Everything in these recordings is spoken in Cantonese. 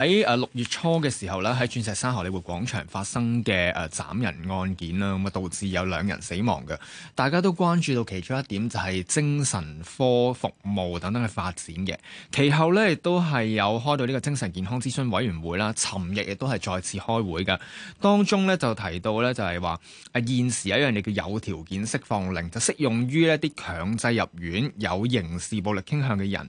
喺誒六月初嘅時候咧，喺鑽石山荷里活廣場發生嘅誒斬人案件啦，咁啊導致有兩人死亡嘅，大家都關注到其中一點就係精神科服務等等嘅發展嘅。其後咧亦都係有開到呢個精神健康諮詢委員會啦，尋日亦都係再次開會㗎，當中咧就提到咧就係話誒現時有一樣嘢叫有條件釋放令，就適用於一啲強制入院有刑事暴力傾向嘅人。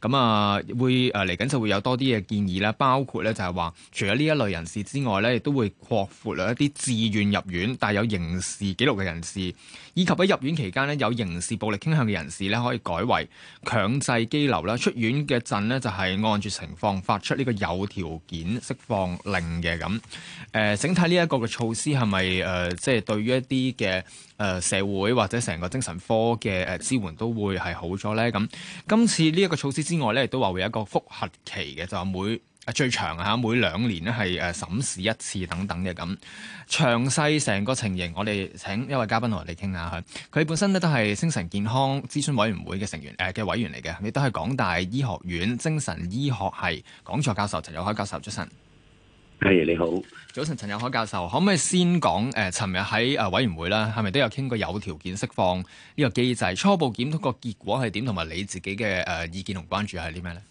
咁啊，會誒嚟緊就會有多啲嘅建議啦，包括咧就係話，除咗呢一類人士之外咧，亦都會擴闊啦一啲自願入院，但有刑事記錄嘅人士，以及喺入院期間呢有刑事暴力傾向嘅人士咧，可以改為強制拘留啦。出院嘅陣呢，就係、是、按住情況發出呢個有條件釋放令嘅咁。誒、呃，整體呢一個嘅措施係咪誒，即、呃、係、就是、對於一啲嘅？誒社會或者成個精神科嘅誒支援都會係好咗呢？咁。今次呢一個措施之外咧，亦都話會有一個複核期嘅，就係每最長嚇每兩年咧係誒審視一次等等嘅咁。詳細成個情形，我哋請一位嘉賓同我哋傾下佢。本身咧都係精神健康諮詢委員會嘅成員誒嘅、呃、委員嚟嘅，亦都係港大醫學院精神醫學系講座教授陳友凱教授，早晨。係、hey, 你好，早晨，陳友凱教授，可唔可以先講誒？尋、呃、日喺誒、呃、委員會啦？係咪都有傾過有條件釋放呢個機制？初步檢討個結果係點，同埋你自己嘅誒、呃、意見同關注係啲咩咧？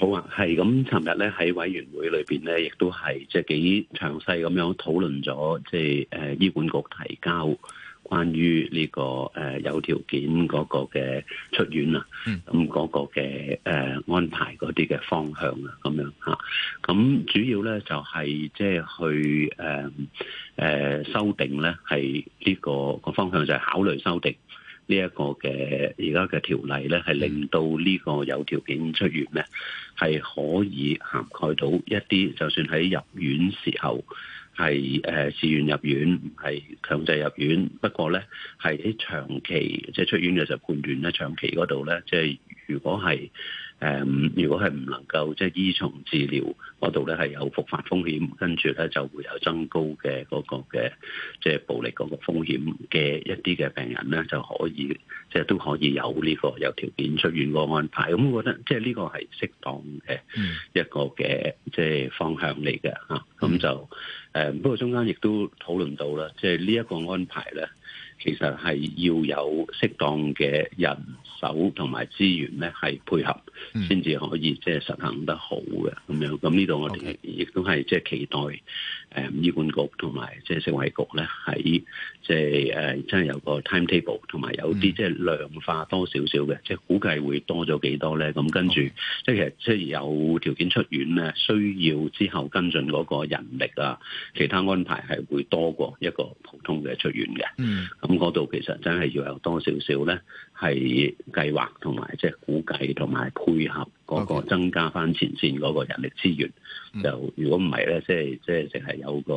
好啊，係咁，尋日咧喺委員會裏邊咧，亦都係即係幾詳細咁樣討論咗，即係誒、呃、醫管局提交。關於呢個誒有條件嗰個嘅出院，嗯呃、啊，咁嗰個嘅誒安排嗰啲嘅方向啊，咁樣嚇，咁主要咧就係即係去誒誒修訂咧，係、呃呃、呢個個方向就係、是，考慮修訂呢一個嘅而家嘅條例咧，係令到呢個有條件出院咧係、嗯，可以涵蓋到一啲，就算喺入院時候，係誒，自願入院，唔係強制入院。不過咧，係喺長期，即係出院嘅時候判斷咧，長期嗰度咧，即係如果係。誒，如果係唔能夠即係依從治療嗰度咧，係有復發風險，跟住咧就會有增高嘅嗰個嘅即係暴力嗰個風險嘅一啲嘅病人咧，就可以即係都可以有呢、呢個有條件出院個安排。咁我覺得即係呢個係適當嘅一個嘅即係方向嚟嘅嚇。咁就誒，不過、mm. 中間亦都討論到啦，即係呢一個安排咧，其實係要有適當嘅人手同埋資源咧，係配合。先至、嗯、可以即係實行得好嘅咁樣，咁呢度我哋亦 Okay. 都係即係期待，誒、嗯、醫管局同埋即係食衛局咧，喺即係誒真係有個 timetable，同埋有啲、嗯、即係量化多少少嘅 Okay.，即係估計會多咗幾多咧。咁跟住，即係其實即係有條件出院咧，需要之後跟進嗰個人力啊，其他安排係會多過一個普通嘅出院嘅。嗯，咁嗰度其實真係要有多少少咧。係計劃同埋即係估計同埋配合。個個 Okay. 增加翻前線嗰個人力資源，就如果唔係咧，即係即係淨係有個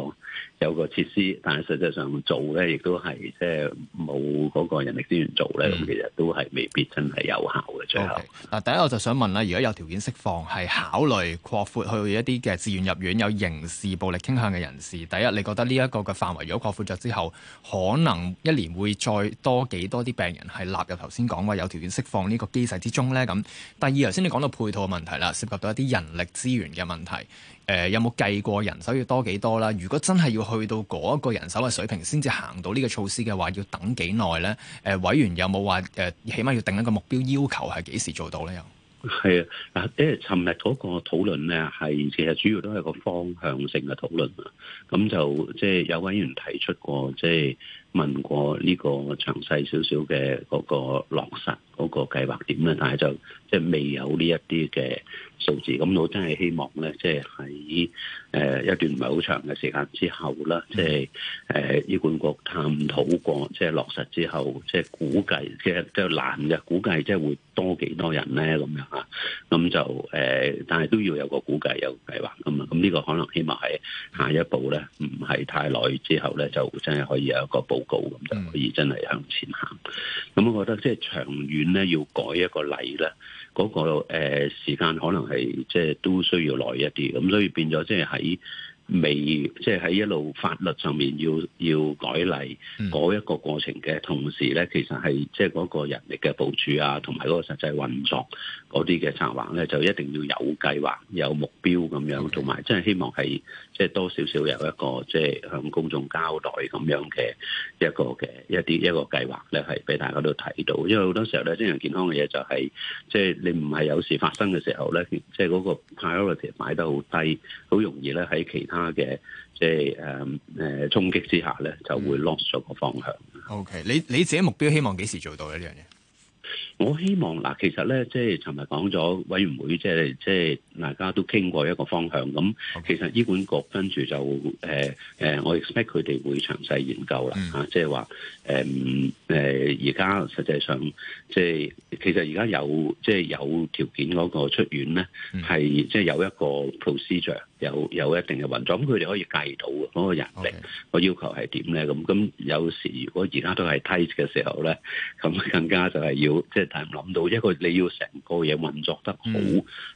有個設施，但係實際上做咧，亦都係即係冇嗰個人力資源做咧，咁、嗯、其實都係未必真係有效嘅。Okay. 最後嗱，第一我就想問啦，如果有條件釋放，係考慮擴闊去一啲嘅自願入院有刑事暴力傾向嘅人士，第一，你覺得呢一個嘅範圍如果擴闊咗之後，可能一年會再多幾多啲病人係納入頭先講話有條件釋放呢個機制之中咧？咁，第二頭先你講到。配套問題啦，涉及到一啲人力資源嘅問題。誒、呃，有冇計過人手要多幾多啦？如果真係要去到嗰一個人手嘅水平，先至行到呢個措施嘅話，要等幾耐咧？誒、呃，委員有冇話誒，起碼要定一個目標要求，係幾時做到咧？又係啊！誒，尋日嗰個討論咧，係其實主要都係個方向性嘅討論啊。咁就即係、就是、有委員提出過，即、就、係、是。問過呢個詳細少少嘅嗰個落實嗰個計劃點啦，但係就即係未有呢一啲嘅數字。咁我真係希望咧，即係喺誒一段唔係好長嘅時間之後啦，即係誒醫管局探討過，即係落實之後，即係估計即係就難嘅估計，即係會多幾多人咧咁樣嚇。咁就誒，但係都要有個估計有計劃噶嘛。咁呢個可能希望喺下一步咧，唔係太耐之後咧，就真係可以有一個補報告咁就可以真係向前行，咁我覺得即係長遠咧，要改一個例咧，嗰個誒時間可能係即係都需要耐一啲，咁所以變咗即係喺。未即係喺一路法律上面要要改例嗰一個過程嘅，同時咧其實係即係嗰個人力嘅部署啊，同埋嗰個實際運作嗰啲嘅策劃咧，就一定要有計劃、有目標咁樣，同埋即係希望係即係多少少有一個即係向公眾交代咁樣嘅一個嘅一啲一個計劃咧，係俾大家都睇到。因為好多時候咧，精神健康嘅嘢就係、是、即係你唔係有事發生嘅時候咧，即係嗰個 priority 擺得好低，好容易咧喺其他。嘅即係誒誒衝擊之下咧，就會 lost 咗個方向。O、okay. K，你你自己目標希望幾時做到咧呢樣嘢？我希望嗱，其實咧即係尋日講咗委員會，即係即係大家都傾過一個方向。咁 Okay. 其實醫管局跟住就誒誒，我 expect 佢哋會詳細研究啦。吓、嗯嗯呃，即係話誒誒，而家實際上即係其實而家有即係有條件個出院咧，係、嗯、即係有一個 procedure。有有一定嘅運作，咁佢哋可以計到嗰個人力個要求係點咧？咁咁有時如果而家都係 tight 嘅時候咧，咁更加就係要即係諗到一個你要成個嘢運作得好，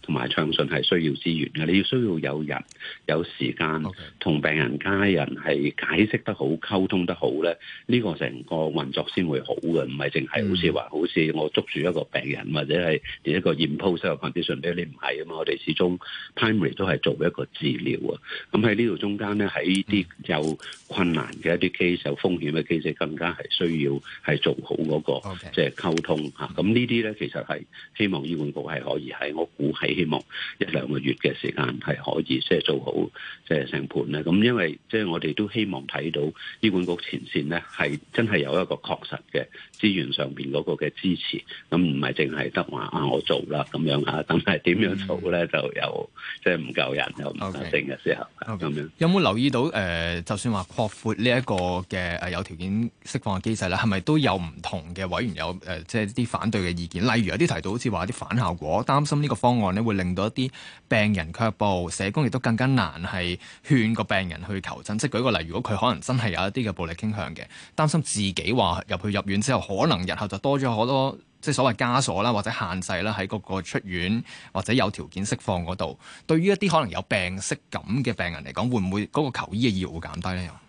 同埋、嗯、暢順係需要資源嘅，你要需要有人有時間同、嗯、病人家人係解釋得好、溝通得好咧，呢、呢個成個運作先會好嘅，唔係淨係好似話好似我捉住一個病人或者係 impose 一個 condition 俾你唔係啊嘛？我哋始終 primary 都係做一個，治療啊，咁喺呢度中間咧，喺呢啲有困難嘅一啲 case，有風險嘅 case，更加係需要係做好嗰、那個即係、就是、溝通嚇。咁 Okay.、啊、呢啲咧，其實係希望醫管局係可以喺我估係希望一兩個月嘅時間係可以即係、就是、做好即係成盤。咧、就是。咁、啊、因為即係、就是、我哋都希望睇到醫管局前線咧，係真係有一個確實嘅資源上邊嗰個嘅支持。咁唔係淨係得話啊，我做啦咁樣嚇、啊，但係點樣做咧？就又即係唔夠人又。Okay, okay. 有冇留意到誒、呃，就算話擴闊呢一個嘅誒有條件釋放嘅機制咧，係咪都有唔同嘅委員有誒，即係啲反對嘅意見？例如有啲提到，好似話啲反效果，擔心呢個方案咧會令到一啲病人卻步，社工亦都更加難係勸個病人去求診。即係舉個例，如果佢可能真係有一啲嘅暴力傾向嘅，擔心自己話入去入院之後，可能日後就多咗好多。即係所謂枷鎖啦，或者限制啦，喺嗰個出院或者有條件釋放嗰度， 對於一啲可能有病識感嘅病人嚟講，會唔會嗰個求醫嘅意欲減低咧？又？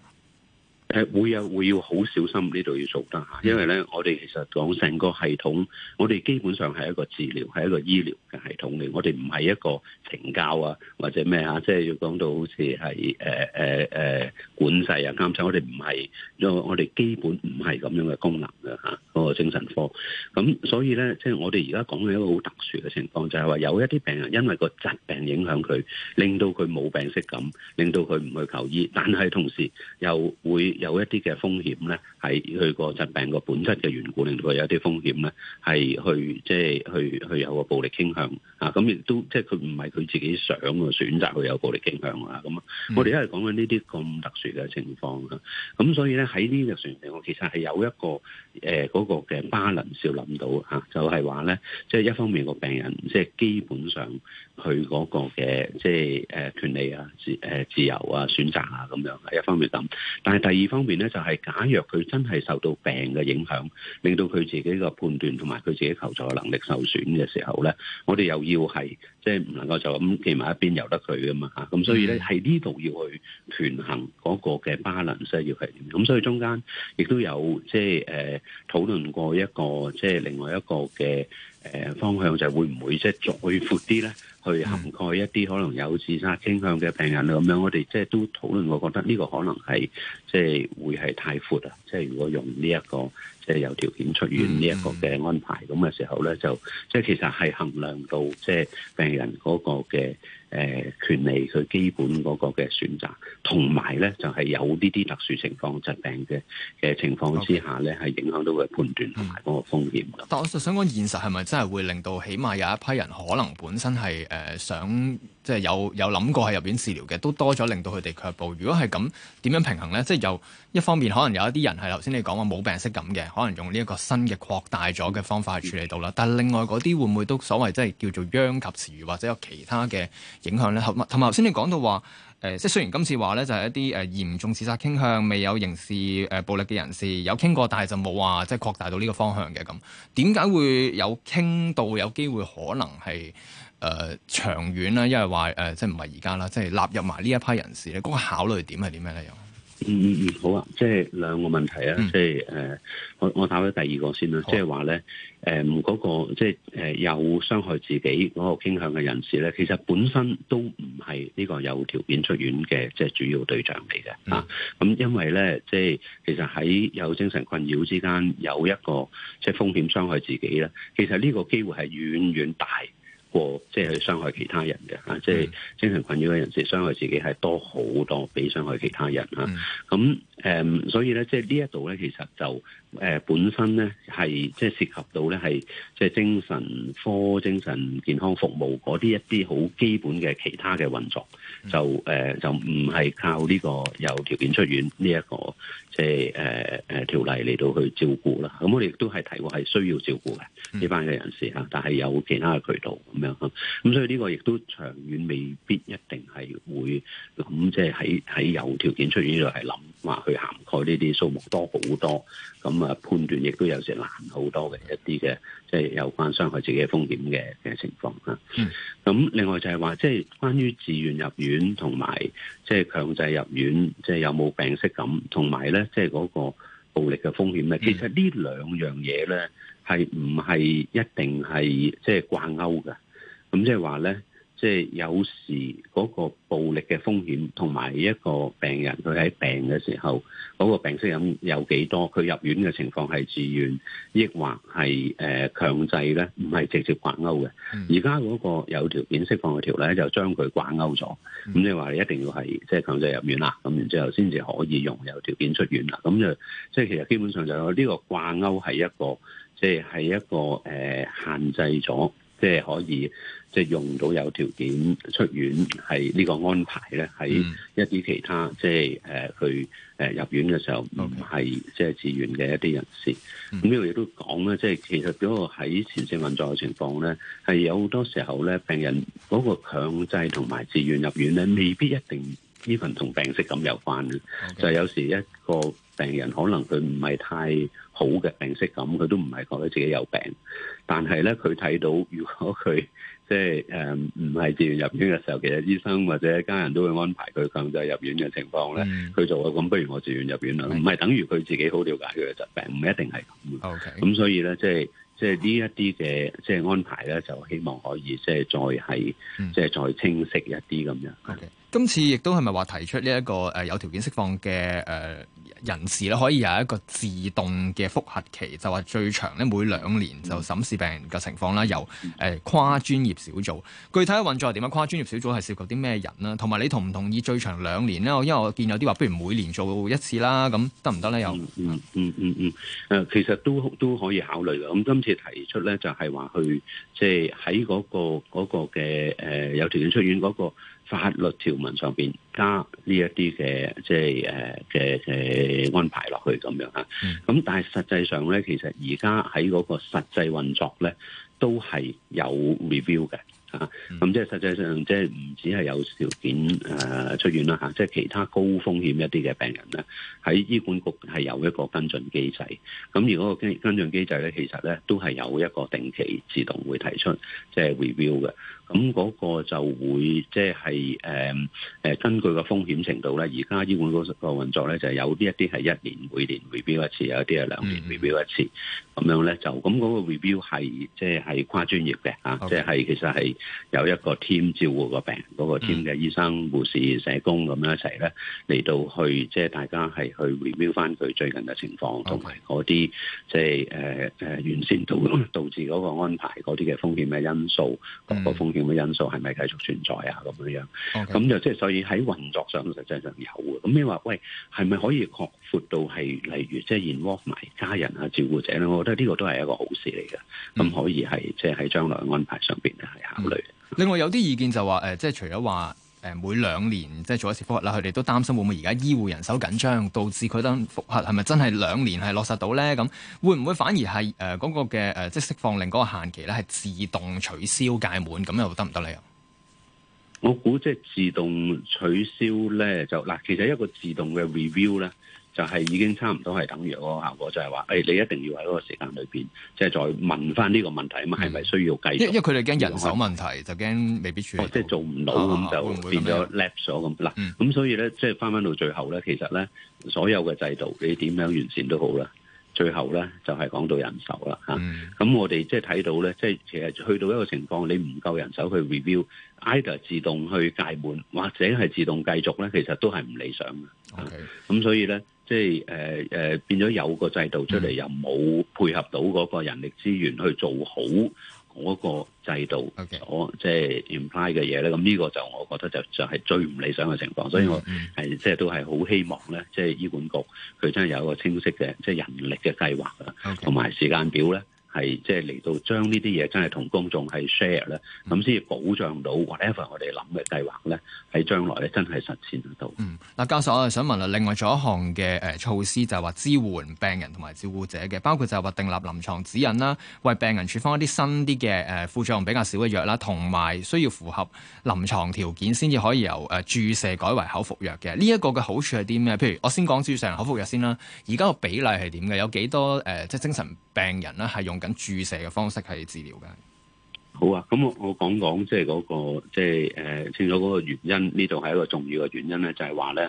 誒會有、啊、會要好小心呢度要做得嚇，因為咧，我哋其實講成個系統，我哋基本上係一個治療，係一個醫療嘅系統嚟。我哋唔係一個懲教啊，或者咩嚇、啊，即、就、係、是、要講到好似係誒誒誒管制啊，啱唔？我哋唔係，因、呃、我哋基本唔係咁樣嘅功能嘅嚇，嗰、啊那個精神科。咁所以咧，即、就、係、是、我哋而家講嘅一個好特殊嘅情況，就係、是、話有一啲病人因為個疾病影響佢，令到佢冇病識感，令到佢唔去求醫，但係同時又會。有一啲嘅風險咧，係佢個疾病個本質嘅緣故令到佢有啲風險咧，係去即係去去有個暴力傾向啊！咁亦都即係佢唔係佢自己想嘅選擇，去有暴力傾向啊！咁、嗯、我哋一係講緊呢啲咁特殊嘅情況啊，咁所以咧喺呢個水平，我其實係有一個。誒嗰個嘅 balance 要諗到嚇，就係話咧，即係一方面個病人，即係基本上佢嗰個嘅即係誒權利啊、誒自由啊、選擇啊咁樣，一方面諗。但係第二方面咧、就係，就係假若佢真係受到病嘅影響，令到佢自己個判斷同埋佢自己求助嘅能力受損嘅時候咧，我哋又要係即係唔能夠就咁企埋一邊由得佢噶嘛嚇。咁所以咧，係呢度要去權衡嗰個嘅 balance 需要係點。咁所以中間亦都有即係誒。呃討論過一個即係另外一個嘅誒、呃、方向就會會，就係會唔會即係再闊啲咧，去涵蓋一啲可能有自殺傾向嘅病人咁樣？我哋即係都討論過，我覺得呢個可能係即係會係太闊啦。即係如果用呢、這、一個即係有條件出院呢一個嘅安排咁嘅時候咧，就即係其實係衡量到即係病人嗰個嘅。誒權利佢基本嗰個嘅選擇，同埋咧就係有呢啲特殊情況疾病嘅嘅情況之下咧，係影響到佢判斷同埋嗰個風險。但我就想講，現實係咪真係會令到起碼有一批人可能本身係誒想即係有有諗過喺入邊治療嘅，都多咗令到佢哋卻步。如果係咁，點樣平衡咧？即係由一方面可能有一啲人係頭先你講話冇病識咁嘅，可能用呢一個新嘅擴大咗嘅方法去處理到啦。但係另外嗰啲會唔會都所謂即係叫做殃及池魚，或者有其他嘅？影響咧，同埋同埋頭先你講到話，誒即係雖然今次話咧，就係、是、一啲誒、呃、嚴重自殺傾向、未有刑事誒、呃、暴力嘅人士有傾過，但係但係就冇話即係擴大到呢個方向嘅咁。點解會有傾到有機會可能係誒、呃、長遠啦，因為話誒即係唔係而家啦，即係納入埋呢一批人士咧，嗰、那個考慮點係點樣咧？又？嗯嗯嗯，好啊，即係兩個問題啊，嗯、即係誒、呃，我我打咗第二個先啦好、呃那個，即係話咧，誒、呃，嗰個即係誒有傷害自己嗰個傾向嘅人士咧，其實本身都唔係呢個有條件出院嘅，即係主要對象嚟嘅啊。咁、嗯、因為咧，即係其實喺有精神困擾之間有一個即係風險傷害自己咧，其實呢個機會係遠遠大過即係去傷害其他人嘅吓，即係精神困擾嘅人士傷害自己係多好多，比傷害其他人吓，咁。 誒、嗯，所以咧，即係呢一度咧，其實就誒、呃、本身咧，係即係涉及到咧，係即係精神科、精神健康服務嗰啲一啲好基本嘅其他嘅運作，嗯、就誒、呃、就唔係靠呢個有條件出院呢、這、一個即係誒誒條例嚟到去照顧啦。咁、嗯、我哋亦都係提過係需要照顧嘅呢、嗯、班嘅人士嚇，但係有其他嘅渠道咁樣嚇。咁、嗯、所以呢個亦都長遠未必一定係會諗、嗯，即係喺喺有條件出院呢度係諗話。去涵蓋呢啲數目多好多，咁啊判斷亦都有時難好多嘅一啲嘅，即係有關傷害自己嘅風險嘅嘅情況啊。咁、mm. 另外就係話，即係關於自願入院同埋即係強制入院，即係有冇病識感，同埋咧即係嗰個暴力嘅風險咧。Mm. 其實呢兩樣嘢咧係唔係一定係即係掛鈎嘅？咁即係話咧。即係有時嗰個暴力嘅風險，同埋一個病人佢喺病嘅時候，嗰、那個病息有有幾多？佢入院嘅情況係自願，抑或係誒、呃、強制咧？唔係直接掛鈎嘅。而家嗰個有條件釋放嘅條例，就將佢掛鈎咗。咁即係話你一定要係即係強制入院啦。咁然之後先至可以用有條件出院啦。咁就即係其實基本上就有呢個掛鈎係一個，即係係一個誒、呃、限制咗。即係可以，即係用到有條件出院，係呢個安排咧，喺一啲其他即係誒、呃、去誒、呃、入院嘅時候，唔係即係自願嘅一啲人士。咁呢樣嘢都講咧，即係其實嗰個喺前線運作嘅情況咧，係有好多時候咧，病人嗰個強制同埋自願入院咧，未必一定呢份同病識咁有關嘅，Okay. 就係有時一個病人可能佢唔係太。好嘅病識咁，佢都唔係覺得自己有病，但係咧佢睇到，如果佢即係誒唔係自願入院嘅時候，其實醫生或者家人都會安排佢強制入院嘅情況咧，佢、嗯、就會咁，不如我自願入院啦。唔係是等於佢自己好了解佢嘅疾病，唔一定係咁。O K. 咁所以咧，即係即係呢一啲嘅即係安排咧，就希望可以即係再係即係再清晰一啲咁樣。今次亦都係咪話提出呢一、這個誒有條件釋放嘅誒？呃呃人士咧可以有一個自動嘅覆核期，就話最長咧每兩年就審視病人嘅情況啦。由誒、呃、跨專業小組，具體嘅運作係點啊？跨專業小組係涉及啲咩人啦、啊？同埋你同唔同意最長兩年咧？因為我見有啲話不如每年做一次啦，咁得唔得咧？又嗯嗯嗯嗯嗯誒，其實都都可以考慮嘅。咁今次提出咧就係、是、話去即係喺嗰個嗰、那個嘅誒、呃、有條件出院嗰、那個。法律條文上邊，加呢一啲嘅即係誒嘅嘅安排落去咁樣啊，咁、嗯、但係實際上咧，其實而家喺嗰個實際運作咧，都係有 review 嘅啊。咁即係實際上即係唔止係有條件誒、呃、出院啦嚇，即係其他高風險一啲嘅病人咧，喺醫管局係有一個跟進機制。咁如果個跟跟進機制咧，其實咧都係有一個定期自動會提出即係 review 嘅。就是 re 咁嗰個就會即係誒誒根據個風險程度咧，而家醫管局嗰個運作咧就係有啲一啲係一年每年 review 一次，有啲係兩年 review 一次。咁、嗯嗯、樣咧就咁嗰、嗰個 review 係即係、就、跨、是、專業嘅嚇 Okay.、啊，即係其實係有一個 team 照顧病、嗰個病嗰個 team 嘅醫生、嗯、護士、社工咁樣一齊咧嚟到去即係、就是、大家係去 review 返佢最近嘅情況同埋嗰啲即係誒誒完善到導致嗰個安排嗰啲嘅風險嘅因素，各個風。嗯啲因素係咪繼續存在啊？咁樣樣，咁就即係所以喺運作上實際上有嘅。咁你話，喂，係咪可以擴闊到係例如即係 involve 埋家人啊、照顧者咧？我覺得呢個都係一個好事嚟嘅。咁、嗯、可以係即係喺將來安排上邊咧係考慮、嗯。另外有啲意見就話、是，誒、呃，即係除咗話。誒每兩年即係做一次復核啦，佢哋都擔心會唔會而家醫護人手緊張，導致佢等復核係咪真係兩年係落實到咧？咁會唔會反而係誒嗰個嘅誒即係釋放令嗰個限期咧係自動取消屆滿咁又得唔得咧？我估即係自動取消咧就嗱，其實一個自動嘅 review 咧。就係已經差唔多係等於嗰個效果，就係話誒，你一定要喺嗰個時間裏邊，即係再問返呢個問題啊嘛，係咪需要繼續？因為佢哋驚人手問題，就驚未必處理。哦，即係做唔到咁就變咗 lap 咗咁嗱。咁所以咧，即係返返到最後咧，其實咧，所有嘅制度你點樣完善都好啦，最後咧就係講到人手啦嚇。咁我哋即係睇到咧，即係其實去到一個情況，你唔夠人手去 review either 自動去屆滿或者係自動繼續咧，其實都係唔理想嘅。咁所以咧。即係誒誒變咗有個制度出嚟，嗯、又冇配合到嗰個人力資源去做好嗰個制度，我 Okay. 即係 imply 嘅嘢咧。咁呢個就我覺得就就係最唔理想嘅情況，所以我係 Okay. 即係都係好希望咧，即係醫管局佢真係有一個清晰嘅即係人力嘅計劃啊，同埋 Okay. 時間表咧。係即係嚟到將呢啲嘢真係同公眾係 share 咧，嗯，咁先至保障到 whatever 我哋諗嘅計劃咧喺將來咧真係實踐得到。嗯，嗱教授，我係想問啦，另外仲一項嘅誒措施就係話支援病人同埋照顧者嘅，包括就係話訂立臨床指引啦，為病人處方一啲新啲嘅誒副作用比較少嘅藥啦，同埋需要符合臨床條件先至可以由誒注射改為口服藥嘅。呢、這、一個嘅好處係啲咩？譬如我先講注射口服藥先啦，而家個比例係點嘅？有幾多誒即係精神病人啦係用？注射嘅方式係治療嘅。好啊，咁我我講講即係嗰個即係誒，清楚嗰個原因，呢度係一個重要嘅原因咧，就係話咧，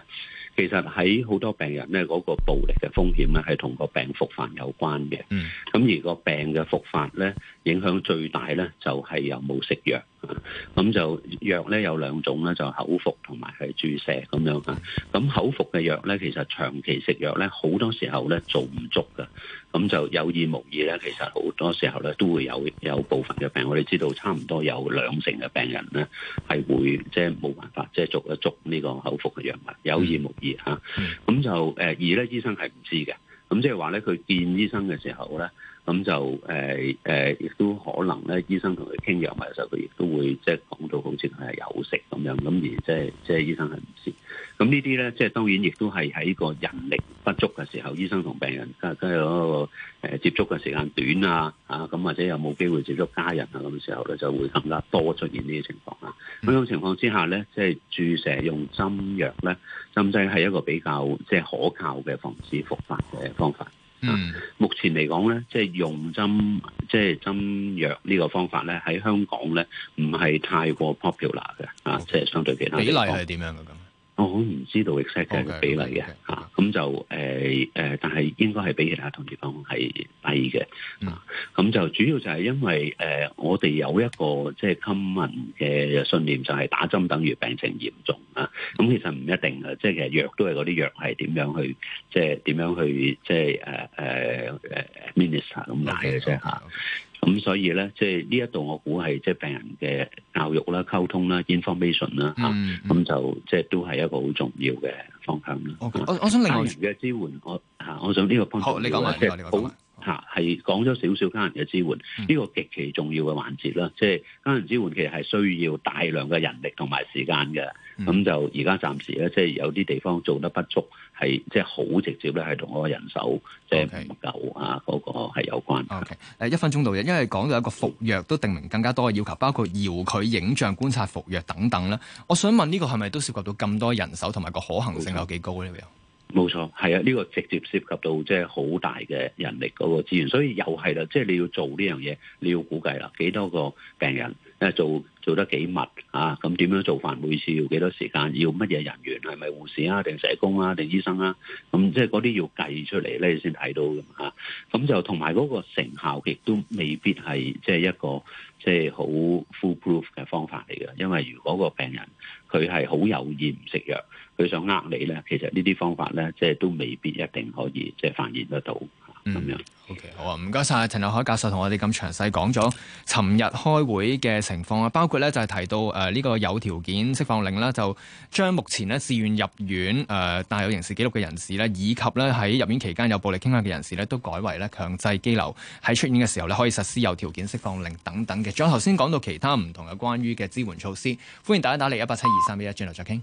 其實喺好多病人咧嗰個暴力嘅風險咧，係同個病復發有關嘅。嗯，咁而個病嘅復發咧，影響最大咧，就係有冇食藥。啊。咁就藥咧有兩種咧，就口服同埋係注射咁樣啊。咁口服嘅藥咧，其實長期食藥咧，好多時候咧做唔足噶。咁就有意無意咧，其實好多時候咧都會有有部分嘅病，我哋知道差唔多有兩成嘅病人咧係會即係冇辦法即係捉一捉呢個口服嘅藥物，有意無意嚇。咁、嗯、就誒而咧，醫生係唔知嘅。咁即係話咧，佢見醫生嘅時候咧。咁就誒誒，亦、呃呃、都可能咧，醫生同佢傾藥物嘅時候，佢亦都會即係講到好似係有食咁樣。咁而即係即係醫生係唔知。咁呢啲咧，即、就、係、是、當然亦都係喺個人力不足嘅時候，醫生同病人加加有個誒接觸嘅時間短啊，嚇、啊、咁或者有冇機會接觸家人啊咁嘅時候咧，就會更加多出現呢啲情況啦。咁種情況之下咧，即、就、係、是、注射用針藥咧，針劑係一個比較即係、就是、可靠嘅防止復發嘅方法。嗯，目前嚟講咧，即係用針即係針藥呢個方法咧，喺香港咧唔係太過 popular 嘅，啊好，即係相對其他，比例係點樣嘅咁？我好唔知道 exact 嘅比例嘅嚇，咁就誒誒、呃，但係應該係比其他同地方係低嘅嚇，咁、啊、就主要就係因為誒、呃，我哋有一個,、呃、有一個即係 common 嘅信念，就係打針等於病情嚴重啊，咁、啊、其實唔一定嘅，即係藥都係嗰啲藥係點樣去，即係點樣去，即係誒誒誒 administer 咁解嘅啫嚇。呃呃咁、嗯、所以咧，即係呢一度我估係即係病人嘅教育啦、溝通啦、information 啦嚇、嗯，咁、嗯啊、就即係都係一個好重要嘅方向啦。Okay, 嗯、我我我想另外嘅支援，我嚇、啊，我想呢個方向、哦。你講啊。嚇係講咗少少家人嘅支援，呢、嗯、個極其重要嘅環節啦。即、就、係、是、家人支援其實係需要大量嘅人力同埋時間嘅。咁、嗯、就而家暫時咧，即、就、係、是、有啲地方做得不足，係即係好直接咧，係同嗰個人手即係唔夠啊嗰、那個係有關。誒、okay. 一分鐘到一，因為講到一個服藥都定明更加多嘅要求，包括遙距影像觀察服藥等等啦。我想問呢個係咪都涉及到咁多人手同埋個可行性有幾高咧？嗯冇錯，係啊，呢個直接涉及到即係好大嘅人力嗰個資源，所以又係啦，即係你要做呢樣嘢，你要估計啦，幾多個病人。即做做得幾密啊？咁點樣做法？每次要幾多時間？要乜嘢人員？係咪護士啊？定社工啊？定醫生啊？咁即係嗰啲要計出嚟咧，你先睇到嘅嚇。咁、啊、就同埋嗰個成效，亦都未必係即係一個即係好 full proof 嘅方法嚟嘅。因為如果個病人佢係好有意唔食藥，佢想呃你咧，其實呢啲方法咧，即、就、係、是、都未必一定可以即係發現得到。嗯樣，OK，好啊，唔該晒陳友凱教授同我哋咁詳細講咗，尋日開會嘅情況啊，包括咧就係提到誒呢、呃這個有條件釋放令啦，就將目前呢自願入院誒帶、呃、有刑事記錄嘅人士咧，以及咧喺入院期間有暴力傾向嘅人士咧，都改為咧強制羈留，喺出院嘅時候咧可以實施有條件釋放令等等嘅。仲有頭先講到其他唔同嘅關於嘅支援措施，歡迎大家打嚟一八七二三一一，轉頭再傾。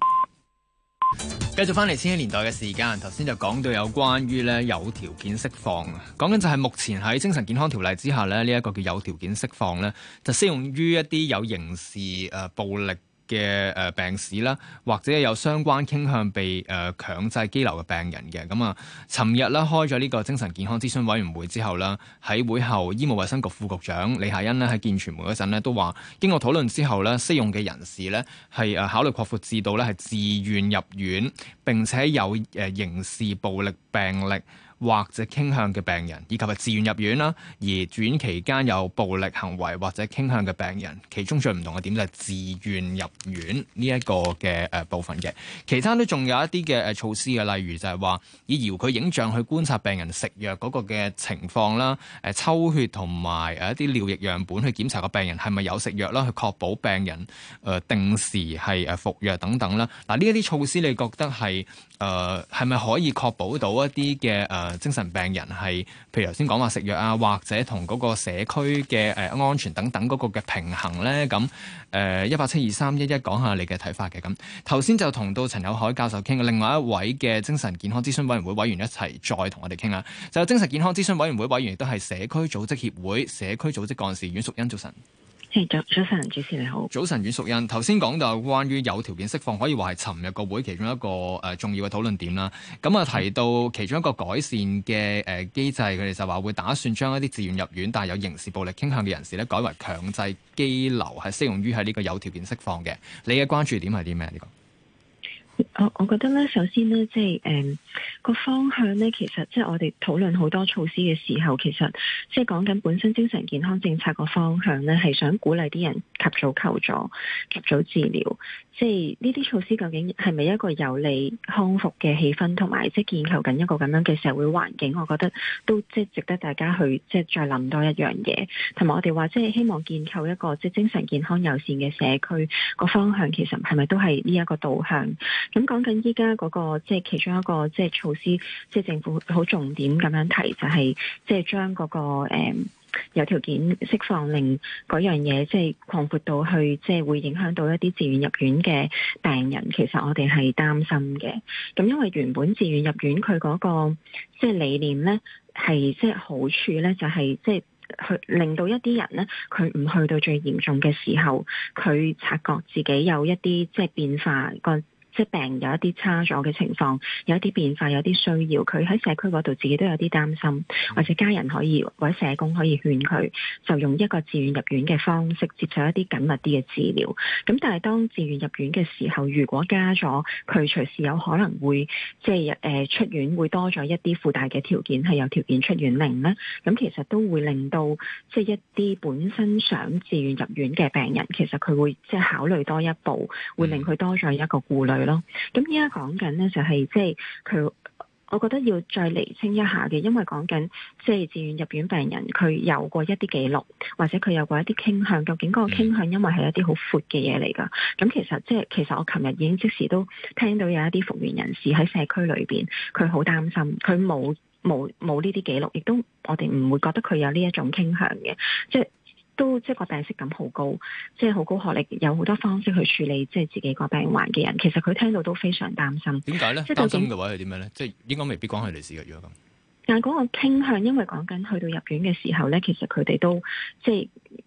繼續翻嚟千禧年代嘅時間，頭先就講到有關於咧有條件釋放，講緊就係目前喺精神健康條例之下咧呢一個叫有條件釋放咧，就適用於一啲有刑事誒、呃、暴力。嘅誒病史啦，或者有相關傾向被誒強制拘留嘅病人嘅咁啊，尋日咧開咗呢個精神健康諮詢委員會之後啦，喺會後醫務衛生局副局長李夏茵呢，喺見傳媒嗰陣咧都話，經過討論之後呢，適用嘅人士呢，係誒考慮擴闊至到呢，係自願入院並且有誒刑事暴力病歷。或者傾向嘅病人，以及係自願入院啦，而住院期間有暴力行為或者傾向嘅病人，其中最唔同嘅點就係自願入院呢一個嘅誒部分嘅，其他都仲有一啲嘅誒措施嘅，例如就係話以遙距影像去觀察病人食藥嗰個嘅情況啦，誒抽血同埋誒一啲尿液樣本去檢查個病人係咪有食藥啦，去確保病人誒定時係誒服藥等等啦。嗱呢一啲措施你覺得係誒係咪可以確保到一啲嘅誒？呃精神病人係，譬如頭先講話食藥啊，或者同嗰個社區嘅誒、呃、安全等等嗰個嘅平衡呢。咁、呃、誒一八七二三一一講下你嘅睇法嘅咁。頭先就同到陳友凱教授傾，另外一位嘅精神健康諮詢委員會委員一齊再同我哋傾下。就精神健康諮詢委員會委員亦都係社區組織協會社區組織幹事阮淑茵，早晨。係早，早晨，主持你好。早晨，阮淑茵，頭先講到係關於有條件釋放，可以話係尋日個會其中一個誒、呃、重要嘅討論點啦。咁、嗯、啊提到其中一個改善嘅誒、呃、機制，佢哋就話會打算將一啲自願入院但係有刑事暴力傾向嘅人士咧改為強制羈留，係適用於喺呢個有條件釋放嘅。你嘅關注點係啲咩？呢、這個？我我覺得咧，首先咧，即係誒個方向咧，其實即係我哋討論好多措施嘅時候，其實即係講緊本身精神健康政策個方向咧，係想鼓勵啲人及早求助、及早治療。即係呢啲措施究竟係咪一個有利康復嘅氣氛，同埋即係建構緊一個咁樣嘅社會環境？我覺得都即係值得大家去即係再諗多一樣嘢。同埋我哋話，即係希望建構一個即係精神健康友善嘅社區個方向，其實係咪都係呢一個導向？咁講緊依家嗰個即係其中一個即係措施，即係政府好重點咁樣提，就係即係將嗰個、嗯、有條件釋放令嗰樣嘢，即係擴闊到去，即係會影響到一啲自願入院嘅病人。其實我哋係擔心嘅。咁因為原本自願入院佢嗰個即係理念咧，係即係好處咧，就係即係去令到一啲人咧，佢唔去到最嚴重嘅時候，佢察覺自己有一啲即係變化個。即病有一啲差咗嘅情況，有一啲變化，有啲需要，佢喺社區嗰度自己都有啲擔心，或者家人可以或者社工可以勸佢，就用一個自願入院嘅方式接受一啲緊密啲嘅治療，咁但係當自願入院嘅時候，如果加咗佢，隨時有可能會即係誒、呃、出院會多咗一啲附帶嘅條件，係有條件出院令咧。咁其實都會令到即係一啲本身想自願入院嘅病人，其實佢會即係考慮多一步，會令佢多咗一個顧慮。咯，咁依家講緊咧就係即係佢，我覺得要再厘清一下嘅，因為講緊即係自願入院病人，佢有過一啲記錄，或者佢有過一啲傾向，究竟嗰個傾向，因為係一啲好闊嘅嘢嚟噶。咁其實即係其實我琴日已經即時都聽到有一啲復原人士喺社區裏邊，佢好擔心，佢冇冇冇呢啲記錄，亦都我哋唔會覺得佢有呢一種傾向嘅，即係。都即係個病識感好高，即係好高學歷，有好多方式去處理即係自己個病患嘅人，其實佢聽到都非常擔心。點解咧？擔即心嘅話係點樣咧？即係應該未必關佢歷事嘅樣咁，但係嗰個傾向，因為講緊去到入院嘅時候咧，其實佢哋都即係。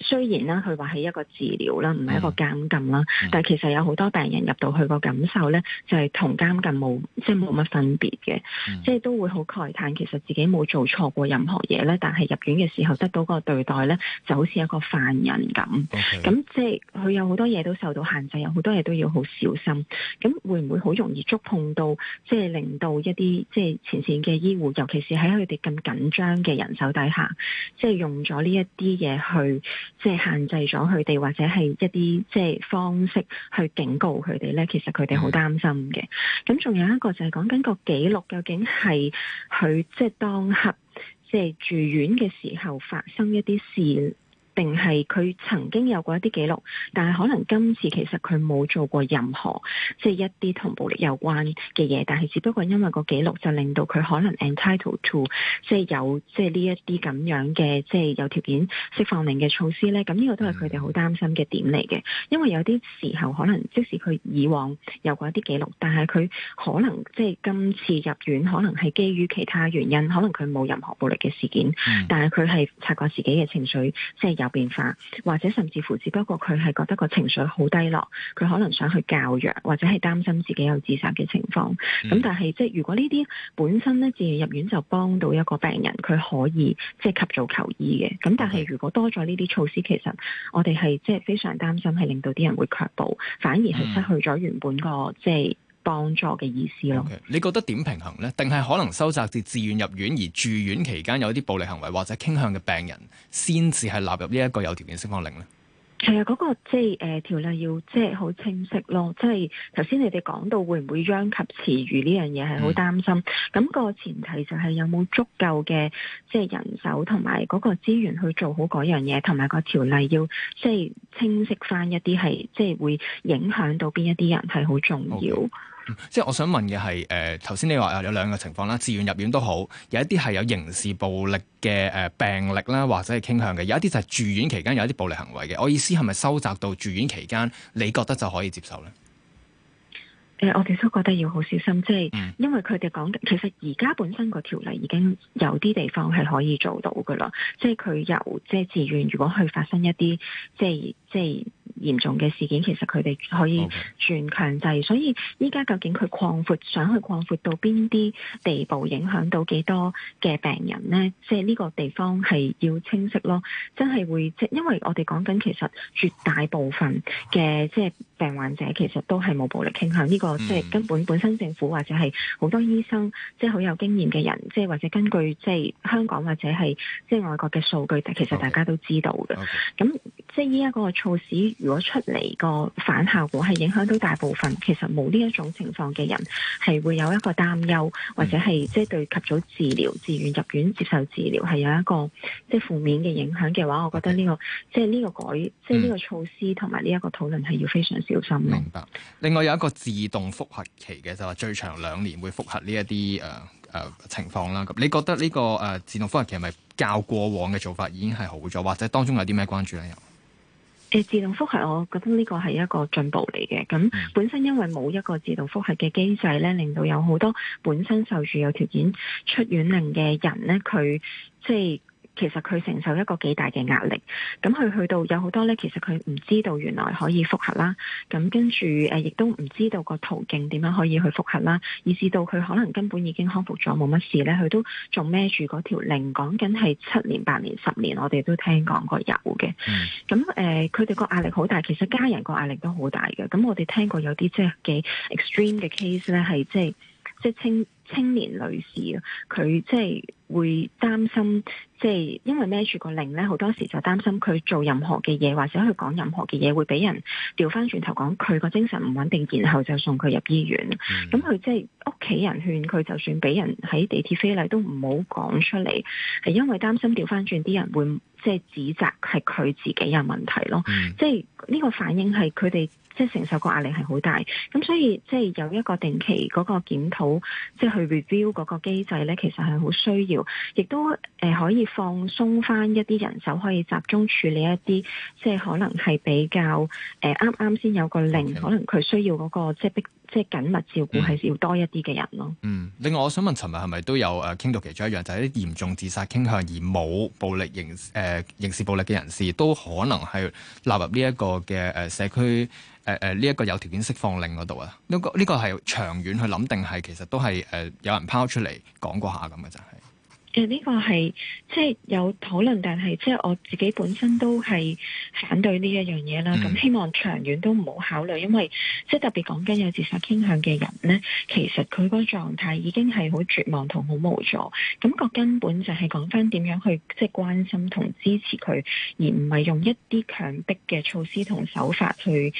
雖然咧，佢話係一個治療啦，唔係一個監禁啦。的但係其實有好多病人入到去個感受呢，就係同監禁冇，即係冇乜分別嘅，的即係都會好慨嘆。其實自己冇做錯過任何嘢呢，但係入院嘅時候得到個對待呢，就好似一個犯人咁。咁的即係佢有好多嘢都受到限制，有好多嘢都要好小心。咁會唔會好容易觸碰到，即係令到一啲即係前線嘅醫護，尤其是喺佢哋咁緊張嘅人手底下，即係用咗呢一啲嘢去。即係限制咗佢哋，或者係一啲即係方式去警告佢哋咧。其實佢哋好擔心嘅。咁仲 有一個就係講緊個記錄，究竟係佢即係當刻即係住院嘅時候發生一啲事。定係佢曾經有過一啲記錄，但係可能今次其實佢冇做過任何即係、就是、一啲同暴力有關嘅嘢，但係只不過因為個記錄就令到佢可能 entitled to 即係有即係呢一啲咁樣嘅即係有條件釋放令嘅措施呢，咁呢個都係佢哋好擔心嘅點嚟嘅，因為有啲時候可能即使佢以往有過一啲記錄，但係佢可能即係、就是、今次入院可能係基於其他原因，可能佢冇任何暴力嘅事件，嗯、但係佢係察覺自己嘅情緒即係。就是有變化，或者甚至乎只不過佢係覺得個情緒好低落，佢可能想去教養，或者係擔心自己有自殺嘅情況。咁但係即係如果呢啲本身咧自願入院就幫到一個病人，佢可以即係及早求醫嘅。咁但係如果多咗呢啲措施，其實我哋係即係非常擔心，係令到啲人會卻步，反而係失去咗原本個即係。幫助嘅意思咯。Okay. 你覺得點平衡呢？定係可能收窄至自願入院而住院期間有啲暴力行為或者傾向嘅病人，先至係納入呢一個有條件釋放令呢？係啊、嗯，嗰個即係誒條例要即係好清晰咯。即係頭先你哋講到會唔會殃及池魚呢樣嘢係好擔心。咁個前提就係有冇足夠嘅即係人手同埋嗰個資源去做好嗰樣嘢，同埋個條例要即係清晰翻一啲係即係會影響到邊一啲人係好重要。Okay. 即係、嗯，就是、我想問嘅係，誒、呃，頭先你話有有兩個情況啦，自願入院都好，有一啲係有刑事暴力嘅誒、呃、病歷啦，或者係傾向嘅，有一啲就係住院期間有一啲暴力行為嘅。我意思係咪收窄到住院期間，你覺得就可以接受咧？我哋都覺得要好小心，即係因為佢哋講緊，其實而家本身個條例已經有啲地方係可以做到嘅啦。即係佢由即係自願，如果去發生一啲即係即係嚴重嘅事件，其實佢哋可以全強制。Okay. 所以依家究竟佢擴闊，想去擴闊到邊啲地步，影響到幾多嘅病人呢？即係呢個地方係要清晰咯。真係會即係，因為我哋講緊其實絕大部分嘅即係病患者，其實都係冇暴力傾向呢個。即係根本本身政府或者係好多醫生，即係好有經驗嘅人，即係或者根據即係香港或者係即係外國嘅數據，但其實大家都知道嘅。咁。Okay. 即係依一個措施，如果出嚟個反效果係影響到大部分，其實冇呢一種情況嘅人，係會有一個擔憂，或者係即係對及早治療、自願入院接受治療係有一個即係負面嘅影響嘅話，我覺得呢、這個即係呢個改即係呢個措施同埋呢一個討論係要非常小心。明白。另外有一個自動複核期嘅，就話、是、最長兩年會複核呢一啲誒誒情況啦。咁你覺得呢、這個誒、呃、自動複核期係咪較過往嘅做法已經係好咗，或者當中有啲咩關注咧？誒自動覆核，我覺得呢個係一個進步嚟嘅。咁本身因為冇一個自動覆核嘅機制咧，令到有好多本身受住有條件出院令嘅人咧，佢即係。其實佢承受一個幾大嘅壓力，咁佢去到有好多呢，其實佢唔知道原來可以覆核啦，咁跟住誒亦都唔知道個途徑點樣可以去覆核啦，以至到佢可能根本已經康復咗冇乜事呢，佢都仲孭住嗰條令，講緊係七年八年十年，我哋都聽講過有嘅。咁誒、嗯，佢哋個壓力好大，其實家人個壓力都好大嘅。咁我哋聽過有啲即係幾 extreme 嘅 case 呢係即係。即係青青年女士啊，佢即係會擔心，即係因為孭住個令咧，好多時就擔心佢做任何嘅嘢，或者佢講任何嘅嘢，會俾人調翻轉頭講佢個精神唔穩定，然後就送佢入醫院。咁佢即係屋企人勸佢，就算俾人喺地鐵非禮都唔好講出嚟，係因為擔心調翻轉啲人會即係指責係佢自己有問題咯。即係呢個反應係佢哋。即係承受個壓力係好大，咁所以即係有一個定期嗰個檢討，即係去 review 嗰個機制咧，其實係好需要，亦都誒、呃、可以放鬆返一啲人手，可以集中處理一啲即係可能係比較誒啱啱先有個令，可能佢需要嗰、那個即係逼即係緊密照顧係要多一啲嘅人咯。嗯，另外我想問，尋日係咪都有誒傾、啊、到其中一樣，就係啲嚴重自殺傾向而冇暴力刑誒、呃、刑事暴力嘅人士，都可能係納入呢一個嘅誒社區。誒誒呢一個有條件釋放令嗰度啊，呢、這個呢、這個係長遠去諗定係其實都係誒、呃、有人拋出嚟講過下咁嘅咋。嘅呢個係即係有討論，但係即係我自己本身都係反對呢一樣嘢啦。咁、mm hmm. 希望長遠都唔好考慮，因為即係、即係、特別講緊有自殺傾向嘅人咧，其實佢個狀態已經係好絕望同好無助，咁、個根本就係講返點樣去即係、即係、關心同支持佢，而唔係用一啲強迫嘅措施同手法去，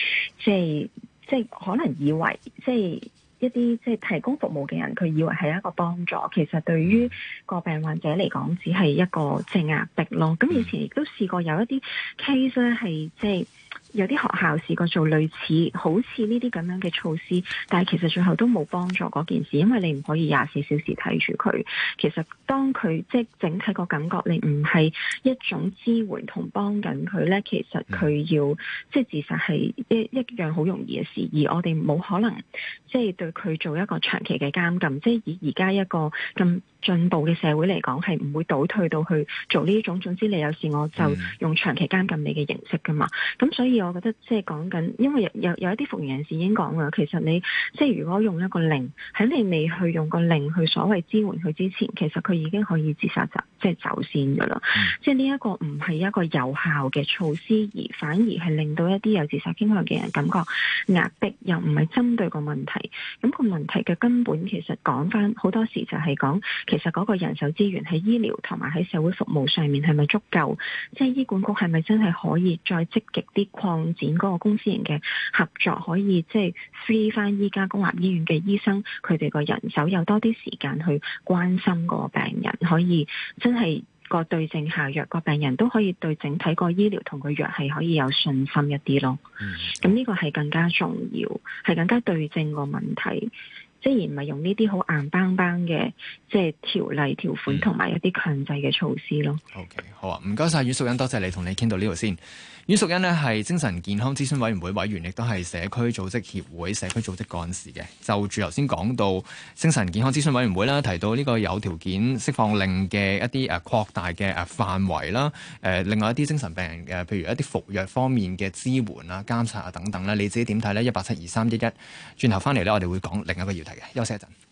即係即係可能以為即係。即係一啲即係提供服務嘅人，佢以為係一個幫助，其實對於個病患者嚟講，只係一個正壓迫咯。咁以前亦都試過有一啲 case 咧，係即係。有啲學校試過做類似、好似呢啲咁樣嘅措施，但係其實最後都冇幫助嗰件事，因為你唔可以廿四小時睇住佢。其實當佢即係整體個感覺，你唔係一種支援同幫緊佢呢，其實佢要即係自殺係一一樣好容易嘅事，而我哋冇可能即係對佢做一個長期嘅監禁，即係以而家一個咁。進步嘅社會嚟講係唔會倒退到去做呢種，總之你有事我就用長期監禁你嘅形式噶嘛。咁所以我覺得即係講緊，因為有有，有一啲復原人士已經講啦，其實你即係如果用一個令喺你未去用個令去所謂支援佢之前，其實佢已經可以自殺就是嗯、即係走先噶啦。即係呢一個唔係一個有效嘅措施，而反而係令到一啲有自殺傾向嘅人感覺壓迫，又唔係針對問、個問題。咁個問題嘅根本其實講返好多時就係講。其實嗰個人手資源喺醫療同埋喺社會服務上面係咪足夠？即、就、係、是、醫管局係咪真係可以再積極啲擴展嗰個公私營嘅合作？可以即係飛翻依家公立醫院嘅醫生，佢哋個人手有多啲時間去關心個病人，可以真係個對症下藥，個病人都可以對整體個醫療同個藥係可以有信心一啲咯。Mm-hmm. 嗯，咁、這、呢個係更加重要，係更加對症個問題。而斑斑即係唔係用呢啲好硬邦邦嘅即係條例條款同埋一啲強制嘅措施咯、嗯。OK，好啊，唔該晒，阮淑茵，多謝你同你傾到呢度先。阮淑茵咧係精神健康諮詢委員會委員，亦都係社區組織協會社區組織幹事嘅。就住頭先講到精神健康諮詢委員會啦，提到呢個有條件釋放令嘅一啲誒擴大嘅誒範圍啦，誒另外一啲精神病人嘅譬如一啲服藥方面嘅支援啊、監察啊等等咧，你自己點睇呢？一八七二三一一，轉頭翻嚟呢，我哋會講另一個議題嘅。休息一陣。